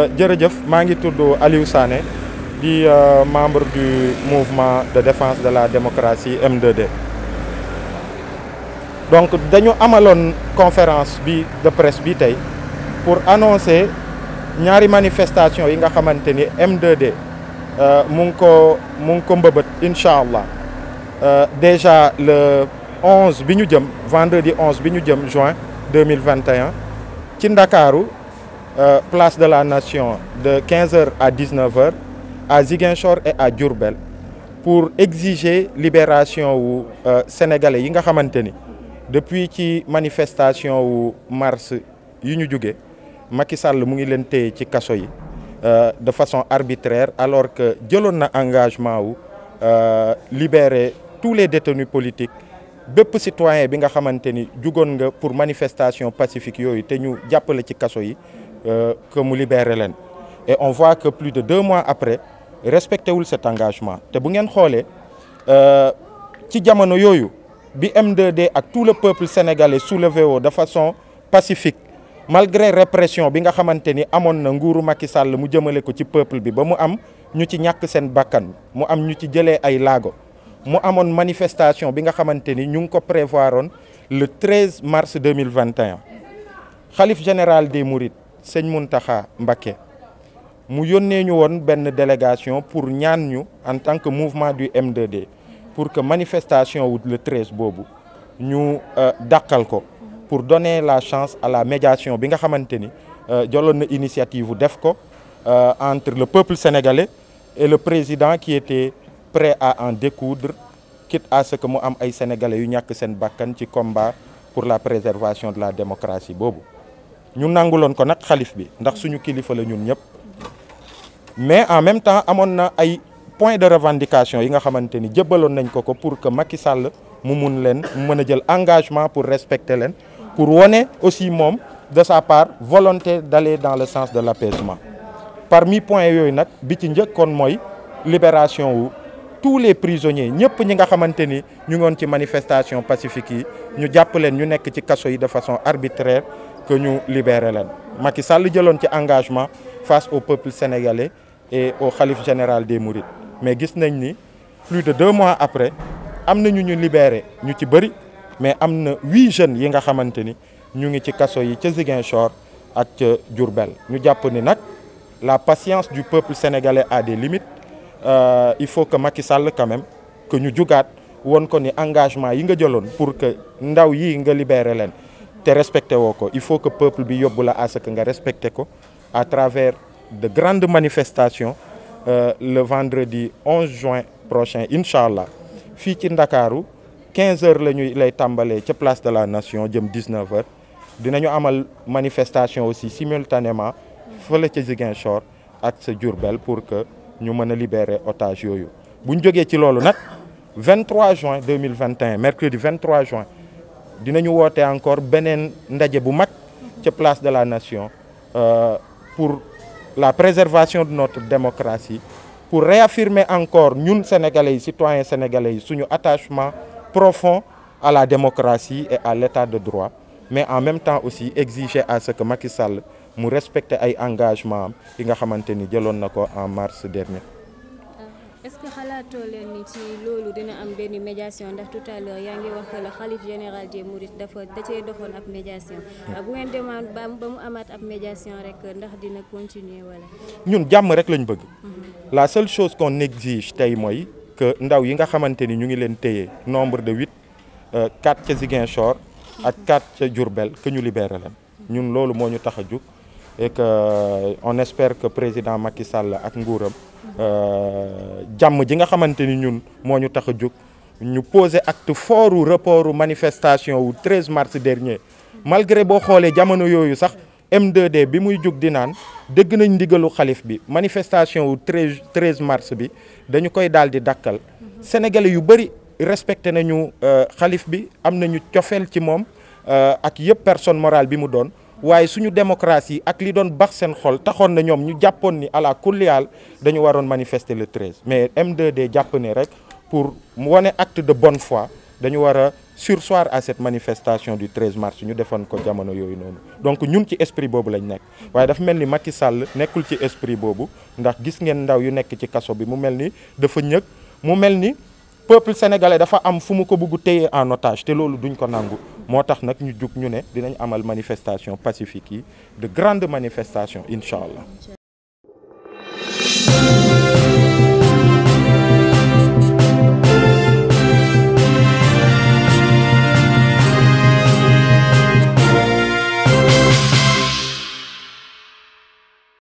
Euh, jërëjëf maa ngi tudd Aliou Sané di euh, membre du mouvement de défense de la démocratie m 2 donc dañu amaloon conférence bi de presse bi tey pour annoncer ñaari manifestation yi nga xamante ni M2D euh, ko mu ngi ko mbëbët incha allah déjà le 11 bi ñu jëm vendredi 11 bi ñu jëm juin 2021 ci Ndakaaru euh, place de la Nation de 15h à 19h à Ziguinchor et à Diourbel pour exiger libération wu euh, yi nga xamante ni depuis ci manifestation wu mars yi ñu jóge Macky Sall mu ngi leen téye ci kaso yi euh, de façon arbitraire alors que jëloon na engagement wu euh, libérer tous les détenus politiques bépp citoyen bi nga xamante ni jugoon nga pour manifestation pacifique yooyu te ñu jàppale ci kaso yi Euh, que mu libéré leen et on voit que plus de deux mois après respecté wul cet engagement te bu ngeen xoolee euh, ci jamono yooyu bi m 2 ak tout le peuple sénégalais soulevé woo de façon pacifique malgré répression bi nga xamante ni amoon na nguuru Macky Sall mu jëmale ko ci peuple bi ba mu am ñu ci ñàkk seen bakkan mu am ñu ci jëlee ay laago mu amoon manifestation bi nga xamante ni ñu ngi ko prévoiroon le 13 mars 2021 xalif général des Mourides sëñ taxa Mbacké mu yónnee ñu woon benn délégation pour ñaan ñu en tant que mouvement du m pour que manifestation wu le 13 boobu ñu euh, dàqal ko pour donner la chance à la médiation bi nga xamante ni euh, jëloon na initiative def ko euh, entre le peuple sénégalais et le président qui était prêt à en découdre quitte à que mu am ay sénégalais yu ñàkk seen bakkan ci combat pour la préservation de la démocratie boobu ñu nanguloon ko nag xalif bi ndax suñu kilifa la ñun ñëpp mais en même temps amoon na ay point de revendication yi nga xamante ni jëbbaloon nañ ko ko pour que Macky Sall mu mun leen mu mën a jël engagement pour respecter leen pour wone aussi moom de sa part volonté d'aller dans le sens de l'apaisement parmi point yooyu nag bi ci njëkkoon mooy libération wu tous les prisonniers ñëpp ñi nga xamante ni ñu ngoon ci manifestation pacifique yi ñu jàpp leen ñu nekk ci kaso yi de façon arbitraire que ñu libéré leen Macky Sall jëloon ci engagement face au peuple sénégalais et au khalife général des Mourides mais gis nañ ni plus de deux mois après am na ñu ñu libéré ñu ci bëri mais am na huit jeunes yi nga xamante ni ñu ngi ci kaso yi ca Ziguinchor ak ca Diourbel ñu jàpp ni nag la patience du peuple sénégalais a des limites euh, il faut que Macky Sall quand même ñu jugaat woon ko ni engagement yi nga jëloon pour que ndaw yi nga libéré leen te respecté woo ko il faut que peuple bi yóbbu la à ce que nga respecté ko à travers de grandes manifestations euh, le vendredi 11 juin prochain incha allah fii ci Ndakaaru 15 heures la ñuy lay tàmbalee ca place de la nation jëm 19 dina ñu amal manifestation aussi simultanément la ca Ziguinchor ak sa jurbeel pour que ñu mën a libérer otage yooyu bu ñu jógee ci loolu nag 23 juin 2021 mercredi 23 juin. dinañu woote encore beneen ndaje bu mag ca place de la nation euh, pour la préservation de notre démocratie pour réaffirmer encore ñun sénégalais yi citoyens sénégalais yi suñu attachement profond à la démocratie et à l'état de droit mais en même temps aussi exiger à ce que Macky Sall mu respecte ay engagement am yi nga xamante ni jëloon na ko en mars dernier est-ce que xalaatoo leen ni ci loolu dina am benn médiation ndax tout à l'heure yaa ngi wax que le xalif général des dafa da doxoon ab médiation. Hmm. Ah, bu ngeen demande ba mu amaat ab médiation rek ndax dina continuer wala. ñun jàmm rek lañ bëgg. Hmm. la seule chose qu'on exige tey mooy que ndaw yi nga xamante ni ñu ngi leen téye nombre de huit euh, quatre ca Ziguinchor ak quatre ca Diourbel que ñu libéré leen hmm. ñun loolu moo ñu tax a jóg. et que euh, on espère que président Macky Sall ak nguuram euh, jàmm ji nga xamante ni ñun moo ñu tax a jóg ñu poser acte fort u manifestation wu 13 mars dernier malgré boo xoolee jamono yooyu sax m bi muy jóg di naan dégg nañ ndigalu xalif bi manifestation wu 13 13 mars bi dañu koy daal di dakkal sénégalais yu bëri respecté nañu euh, xalif bi am nañu cofeel ci moom ak yëpp personne morale bi mu doon waaye suñu démocratie ak li doon bax seen xol taxoon na ñoom ñu jàppoon ni ala kulliyaal dañu waroon manifester le 13 mais M2D jàpp ne rek pour mu wane acte de bonne fois dañu war sur soir à cette manifestation du 13 mars ñu defoon ko jamono yooyu noonu donc ñun ci esprit boobu lañ nekk waaye dafa mel ni makki Sall nekkul ci esprit boobu ndax gis ngeen ndaw yu nekk ci kaso bi mu mel ni dafa ñëg mu mel ni. peuple sénégalais dafa am fu mu ko bëgg téye en otage te loolu duñ ko nangu moo tax nag ñu jug ñu ne dinañ amal manifestation pacifique yi de grandes manifestations incha allah